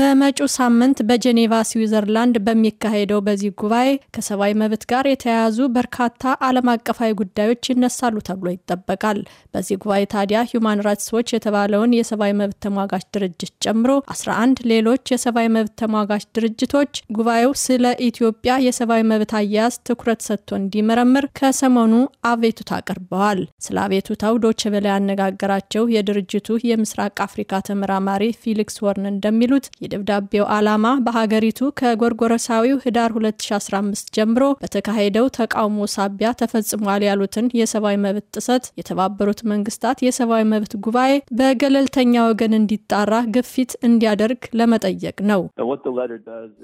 በመጪው ሳምንት በጄኔቫ ስዊዘርላንድ በሚካሄደው በዚህ ጉባኤ ከሰብአዊ መብት ጋር የተያያዙ በርካታ ዓለም አቀፋዊ ጉዳዮች ይነሳሉ ተብሎ ይጠበቃል። በዚህ ጉባኤ ታዲያ ሁማን ራይትስ ዎች የተባለውን የሰብአዊ መብት ተሟጋች ድርጅት ጨምሮ 11 ሌሎች የሰብአዊ መብት ተሟጋች ድርጅቶች ጉባኤው ስለ ኢትዮጵያ የሰብአዊ መብት አያያዝ ትኩረት ሰጥቶ እንዲመረምር ከሰሞኑ አቤቱታ አቅርበዋል። ስለ አቤቱታው ዶችቬለ ያነጋገራቸው የድርጅቱ የምስራቅ አፍሪካ ተመራማሪ ፊሊክስ ወርን እንደሚሉት የደብዳቤው ዓላማ በሀገሪቱ ከጎርጎረሳዊው ህዳር 2015 ጀምሮ በተካሄደው ተቃውሞ ሳቢያ ተፈጽሟል ያሉትን የሰብአዊ መብት ጥሰት የተባበሩት መንግስታት የሰብአዊ መብት ጉባኤ በገለልተኛ ወገን እንዲጣራ ግፊት እንዲያደርግ ለመጠየቅ ነው።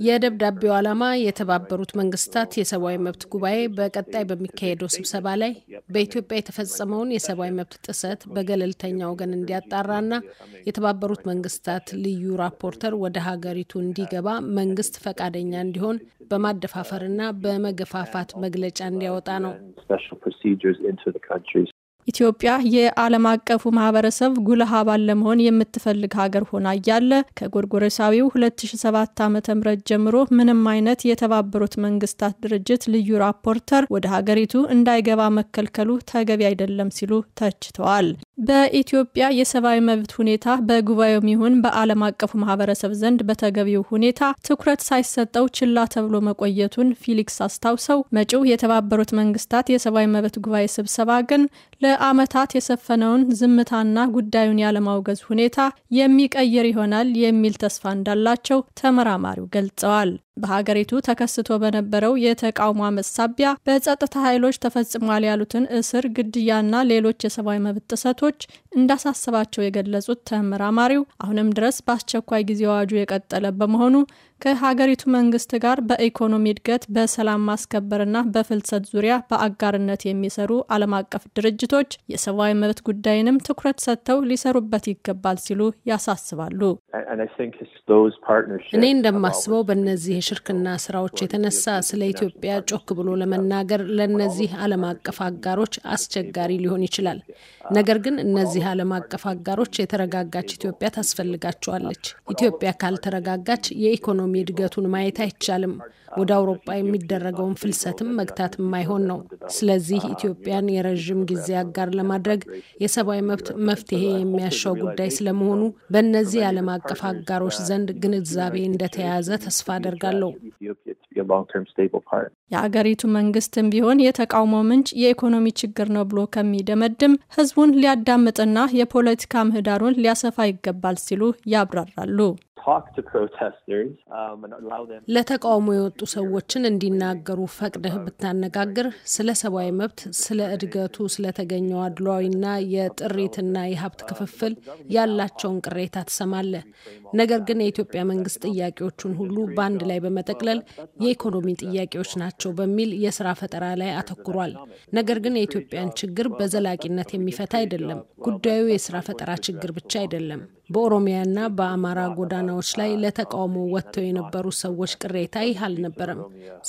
የደብዳቤው ዓላማ የተባበሩት መንግስታት የሰብአዊ መብት ጉባኤ በቀጣይ በሚካሄደው ስብሰባ ላይ በኢትዮጵያ የተፈጸመውን የሰብአዊ መብት ጥሰት በገለልተኛ ወገን እንዲያጣራና የተባበሩት መንግስታት ልዩ ራፖርተር ወደ ሀገሪቱ እንዲገባ መንግስት ፈቃደኛ እንዲሆን በማደፋፈርና በመገፋፋት መግለጫ እንዲያወጣ ነው። ኢትዮጵያ የዓለም አቀፉ ማህበረሰብ ጉልህ አባል ለመሆን የምትፈልግ ሀገር ሆና እያለ ከጎርጎረሳዊው 2007 ዓ.ም ጀምሮ ምንም አይነት የተባበሩት መንግስታት ድርጅት ልዩ ራፖርተር ወደ ሀገሪቱ እንዳይገባ መከልከሉ ተገቢ አይደለም ሲሉ ተችተዋል። በኢትዮጵያ የሰብአዊ መብት ሁኔታ በጉባኤውም ይሁን በዓለም አቀፉ ማህበረሰብ ዘንድ በተገቢው ሁኔታ ትኩረት ሳይሰጠው ችላ ተብሎ መቆየቱን ፊሊክስ አስታውሰው መጪው የተባበሩት መንግስታት የሰብአዊ መብት ጉባኤ ስብሰባ ግን ለ ለዓመታት የሰፈነውን ዝምታና ጉዳዩን ያለማውገዝ ሁኔታ የሚቀይር ይሆናል የሚል ተስፋ እንዳላቸው ተመራማሪው ገልጸዋል። በሀገሪቱ ተከስቶ በነበረው የተቃውሞ አመፅ ሳቢያ በጸጥታ ኃይሎች ተፈጽሟል ያሉትን እስር፣ ግድያና ሌሎች የሰብአዊ መብት ጥሰቶች እንዳሳሰባቸው የገለጹት ተመራማሪው አሁንም ድረስ በአስቸኳይ ጊዜ አዋጁ የቀጠለ በመሆኑ ከሀገሪቱ መንግስት ጋር በኢኮኖሚ እድገት፣ በሰላም ማስከበርና በፍልሰት ዙሪያ በአጋርነት የሚሰሩ ዓለም አቀፍ ድርጅቶች የሰብአዊ መብት ጉዳይንም ትኩረት ሰጥተው ሊሰሩበት ይገባል ሲሉ ያሳስባሉ። እኔ እንደማስበው በነዚህ የሽርክና ስራዎች የተነሳ ስለ ኢትዮጵያ ጮክ ብሎ ለመናገር ለእነዚህ ዓለም አቀፍ አጋሮች አስቸጋሪ ሊሆን ይችላል። ነገር ግን እነዚህ ዓለም አቀፍ አጋሮች የተረጋጋች ኢትዮጵያ ታስፈልጋቸዋለች። ኢትዮጵያ ካልተረጋጋች የኢኮኖሚ እድገቱን ማየት አይቻልም። ወደ አውሮፓ የሚደረገውን ፍልሰትም መግታት የማይሆን ነው። ስለዚህ ኢትዮጵያን የረዥም ጊዜ አጋር ለማድረግ የሰብአዊ መብት መፍትሄ የሚያሻው ጉዳይ ስለመሆኑ በእነዚህ የዓለም አቀፍ አጋሮች ዘንድ ግንዛቤ እንደተያያዘ ተስፋ አደርጋለሁ። ይላሉ። የአገሪቱ መንግስትም ቢሆን የተቃውሞ ምንጭ የኢኮኖሚ ችግር ነው ብሎ ከሚደመድም ህዝቡን ሊያዳምጥና የፖለቲካ ምህዳሩን ሊያሰፋ ይገባል ሲሉ ያብራራሉ። Um, ለተቃውሞ የወጡ ሰዎችን እንዲናገሩ ፈቅደህ ብታነጋግር ስለ ሰብአዊ መብት፣ ስለ እድገቱ፣ ስለተገኘው አድሏዊና የጥሪትና የሀብት ክፍፍል ያላቸውን ቅሬታ ትሰማለህ። ነገር ግን የኢትዮጵያ መንግስት ጥያቄዎቹን ሁሉ በአንድ ላይ በመጠቅለል የኢኮኖሚ ጥያቄዎች ናቸው በሚል የስራ ፈጠራ ላይ አተኩሯል። ነገር ግን የኢትዮጵያን ችግር በዘላቂነት የሚፈታ አይደለም። ጉዳዩ የስራ ፈጠራ ችግር ብቻ አይደለም። በኦሮሚያና በአማራ ጎዳናዎች ላይ ለተቃውሞ ወጥተው የነበሩ ሰዎች ቅሬታ ይህ አልነበረም።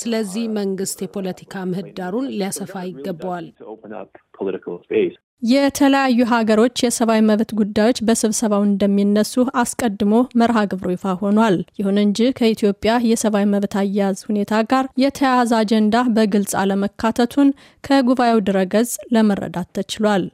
ስለዚህ መንግስት የፖለቲካ ምህዳሩን ሊያሰፋ ይገባዋል። የተለያዩ ሀገሮች የሰብአዊ መብት ጉዳዮች በስብሰባው እንደሚነሱ አስቀድሞ መርሃ ግብሩ ይፋ ሆኗል። ይሁን እንጂ ከኢትዮጵያ የሰብአዊ መብት አያያዝ ሁኔታ ጋር የተያያዘ አጀንዳ በግልጽ አለመካተቱን ከጉባኤው ድረገጽ ለመረዳት ተችሏል።